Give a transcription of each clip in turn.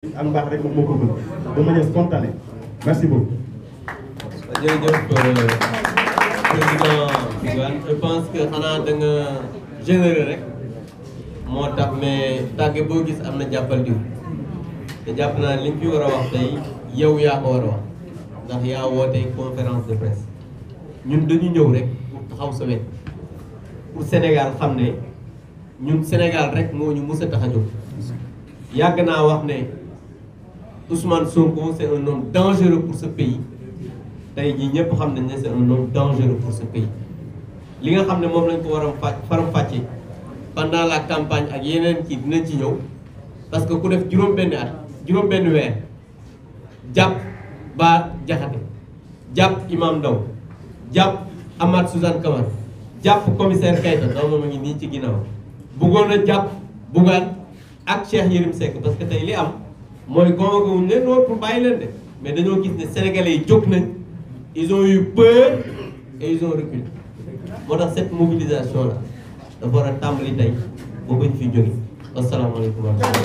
ak mbaax rek moom moo ko mën de euh, président Bougane je pense que xanaa da nga rek moo tax mais tàgge boo gis am na jàppal diw te jàpp naa li nga fi war wax tey yow yaa ko war wax ndax yaa woote conférence de presse ñun dañu ñëw rek pour taxaw sa wet pour Sénégal xam ne ñun Sénégal rek moo ñu mës a tax yàgg naa wax ne. Ousmane Sonko c'est un homme dangereux pour ce pays tey jii ñëpp xam nañ ne c'est un homme dangereux pour ce pays li nga xam ne moom lañ ko war a faram-fàccee pendant la campagne ak yeneen kii dina ci ñëw parce que ku def juróom-benn at juróom-benn weer jàpp Bah Diakhaté jàpp Imam Ndaw jàpp Amath Suzanne Camara jàpp commissaire Keïta ndaw moom a ngi nii ci ginnaaw bëggoon a jàpp Bougane ak Cheikh Yérim Seck parce que tey li am. mooy convoqué wuñ leen woon pour bàyyi leen de mais dañoo gis ne sénégalais yi jóg nañ ils ont eu peur et ils ont reculé moo tax cette mobilisation là dafa war a tàmbali tey ba bañ fi jóge asalaamaaleykum ci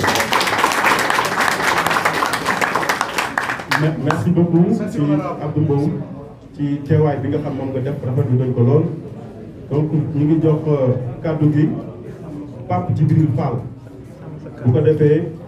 Abdou bi nga xam moom nga def rafet bi dañ ko lool donc ñu ngi jox euh, kàddu gi Pape Djibril Fall bu ko defee.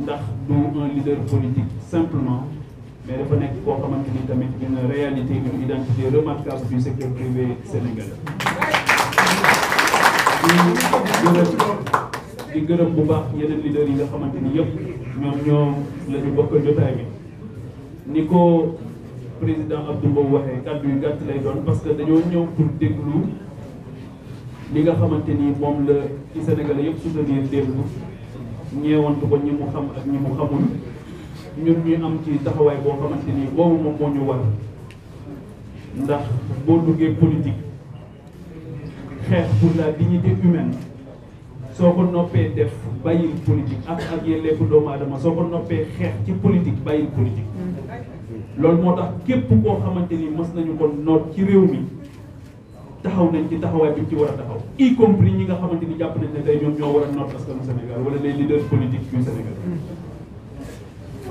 ndax du un leader politique simplement mais dafa nekk koo xamante ni tamit une réalité une identité remarquable du secteur privé sénégalais di gërëm bu baax yeneen leader yi nga xamante ni yëpp ñoom ñoom la ñu bokkal jotaay bi ni ko président Abdou Mbow waxee kàddu yu gàtt lay doon parce que dañoo ñëw pour déglu li nga xamante ni moom la ci sénégalais yëpp soutenir déglu ñeewantu ko ñi mu xam ak ñi mu xamul ñun am ci taxawaay boo xamante ni boobu moom moo ñu war ndax boo duggee politique xeex pour la dignité humaine soo ko noppee def bàyyil politique ak ak yelleefu doomu aadama soo ko noppee xeex ci politique bàyyil politique loolu moo tax képp koo xamante ni mos nañu ko noot ci réew mi taxaw nañ ci taxawaay bi ci war a taxaw y compris ñi nga xamante ni jàpp nañ ne tey ñoom ñoo war a noot askanu Sénégal wala les leaders politiques du Sénégal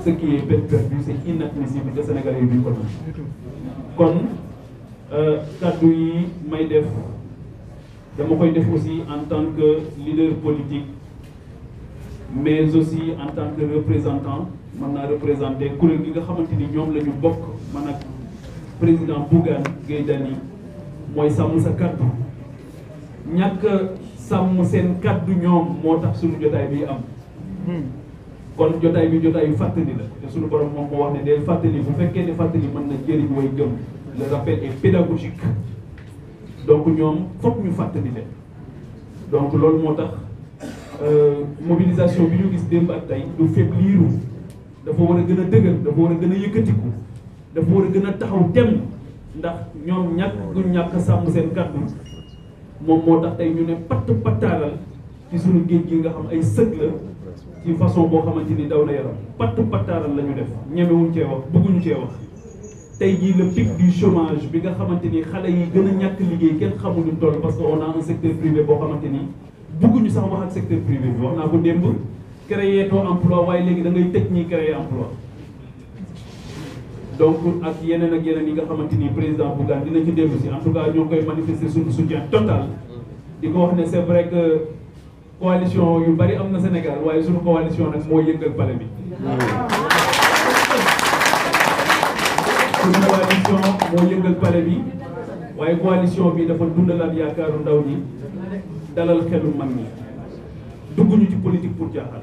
ce qui est peine c'est c' est inadmissible Sénégal Sénégalais yi duñ ko kon euh, kaddu yi may def dama koy def aussi en tant que leader politique mais aussi en tant que représentant mën naa représenter kuréel gi nga xamante ni ñoom la ñu bokk man ak président Bougane Gueye Dany mooy sàmm sa kaddu. ñàkk sàmm seen kàddu ñoom moo tax suñu jotaay bii am hmm. kon jotaay bi jotaay yu fàttali la te suñu borom moom moo wax ne day fàttali bu fekkee ne fàttali mën na jëriñ way gëm le rappel est pédagogique donc ñoom foog ñu fàttali leen donc loolu moo tax euh, mobilisation bi ñu gis démb ak tey du faibliru dafa war a gën a dëgër dafa war a gën a yëkkatiku dafa war a gën a taxaw tem ndax ñoom ñàkk duñ ñàkk sàmm seen kàddu moom moo tax tey ñu ne patt pattaaral ci suñu géej gi nga xam ay sëg la ci façon boo xamante ni daw na yaram patt pattaaral la ñu def ñemewuñ cee wax bëgguñu cee wax tey jii le pic du chômage bi nga xamante ni xale yi gën a ñàkk liggéey kenn xamuñu toll parce que on a un secteur privé boo xamante ni bëgguñu sax wax ak secteur privé bi wax naa ko démb créer to emploi waaye léegi da ngay tëj ñi créer emploi donc ak yeneen ak yeneen yi nga xamante ni président Bougane dina ci dellu si en tout cas ñoo koy manifester suñu soutien total. di ko wax ne c'est vrai que coalition yu bari am na Sénégal waaye suñu coalition nag moo yëngal pale bi. suñu coalition moo yëngal pale bi waaye coalition bi dafa dundalaat yaakaaru ndaw ñi dalal xelu mag ñi dugg ñu ci politique pour jaaxal.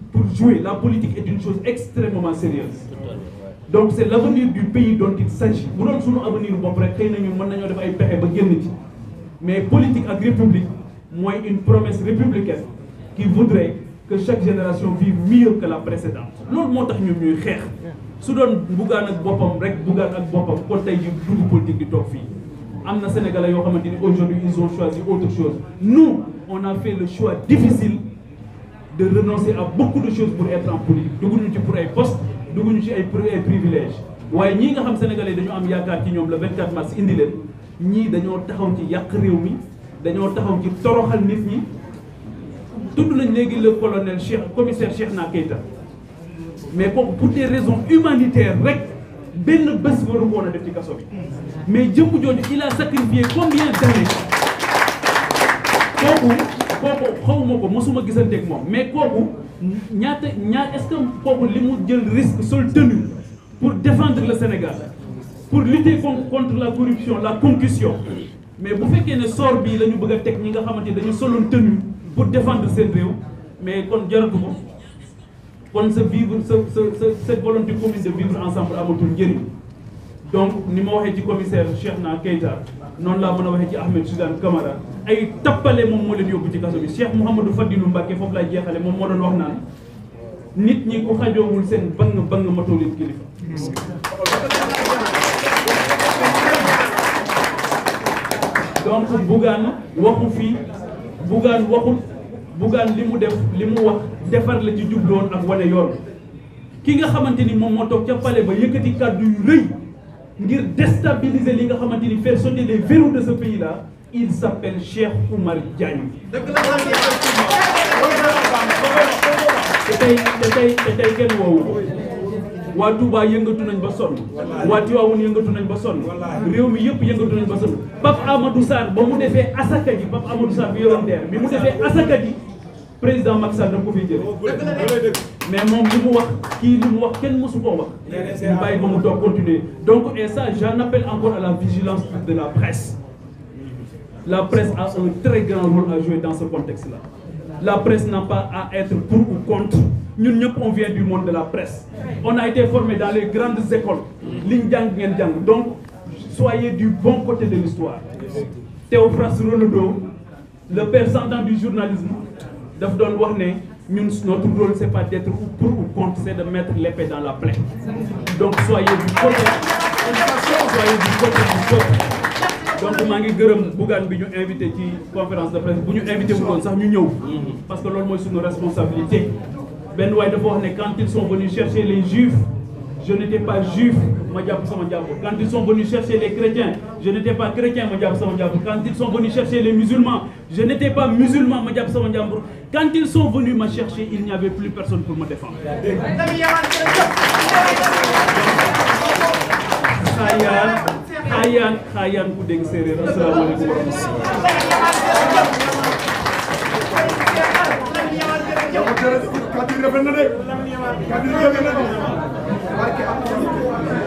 pour jouer. La politique est une chose extrêmement sérieuse. Donc c'est l'avenir du pays dont il s'agit. Nous avons son avenir, mais politique et république, moi, une promesse républicaine qui voudrait que chaque génération vive mieux que la précédente. Nous avons mieux faire. Si nous avons rek bougan ak bopam ko tay ji dugu politique di tok fi amna sénégalais yo aujourd'hui ils ont choisi autre chose nous on a fait le choix difficile de renoncer à beaucoup de choses pour être en politique Nous ci pour ay poste nous ci ay privilège. privilèges waaye ñii nga xam sénégalais dañu am yaakaar ci le 24 mars indi leen ñii dañoo taxaw ci yàq réew mi dañoo taxaw ci toroxal nit ñi les nañ léegi le colonel le commissaire Cheikhna Keita mais pour des raisons humanitaires rek benn bés pas ko woon a def mais Dieu il a sacrifié combien d'années kooku xawma ko mosuma gisanteeg moom mais kooku ñaata ñaar est-ce que kooku li jël risque sol tenu pour défendre le Sénégal pour lutter contre la corruption la concussion mais bu fekkee ne sor bi lañu bëgg a teg ñi nga xamante dañu soloon tenu pour défendre seen réew mais kon jaratu ko kon sa vivre sa sa sa cette volonté commune de vivre ensemble amatul njëriñ donc ni ma waxee ci commissaire Cheikhna Keita noonu laa mën a waxee ci Ahmed Suzanne Camara ay tappale moom moo leen yóbbu ci kaso bi Cheikh Mouhamadou Fadilou Mbacke foofu laa jeexale moom moo doon wax naan nit ñi ku xajoowul seen bang bang matoo leen kilifa donc Bougane waxu fii Bougane waxul Bougane li mu def li mu wax defar la ci jubloon ak wane yoon ki nga xamante ni moom moo toog ca pale ba yëkkati kàddu yu rëy ngir déstabiliser li nga xamante ni faire sauter les de ce pays là il s'appelle Cheikh Oumar Diagne. dëgg la te tey te tey te tey kenn woowu waa Touba yëngatu nañ ba sonn waa Tivaouane yëngatu nañ ba sonn réew mi yëpp yëngatu nañ ba sonn Pape Amadou Sarr ba mu defee asaka ji Pape Amadou Sarr bi yoroon deer bi mu defee asaka ji président Macky Sall dama mais mon li qui wax ki quest wax kenn musu ko wax. ñu continuer donc et ça j'en appelle encore à la vigilance de la presse. La presse a un très grand rôle à jouer dans ce contexte-là. La presse n'a pas à être pour ou contre. Nous, nous, on vient du monde de la presse. On a été formé dans les grandes écoles. Donc, soyez du bon côté de l'histoire. Théophras Renaudot, le père s'entend du journalisme, daf avons wax que ñun notre rôle c'est pas d'être pour ou contre c'est de mettre l'épée dans la plaie donc soyez du côté soyez du côté du peuple donc je suis gërëm bi ñu conférence de presse Je suis invité wu la sax parce que c'est mooy suñu responsabilité Ben waay quand ils sont venus chercher les juifs je n'étais pas juif quand ils sont venus chercher les chrétiens je n'étais pas chrétien quand ils sont venus chercher les musulmans je n'étais pas musulman quand ils sont venus me chercher il n'y avait plus personne pour me défendre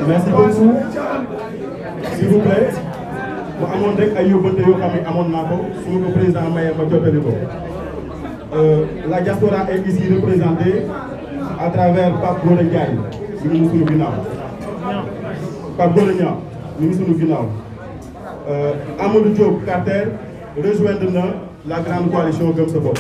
merci beaucoup s'il vous plaît pour amoon à ay yóbbante yoo xam ne président naa ko su ma ko président euh, la diaspora est ici représentée à travers Pape Gorengay, Ndiaye mi ngi suñu Pape Gorengay, Ndiaye mi ngi suñu ginnaaw Amadou Diop Carter rejoindre la grande coalition comme ce bopp.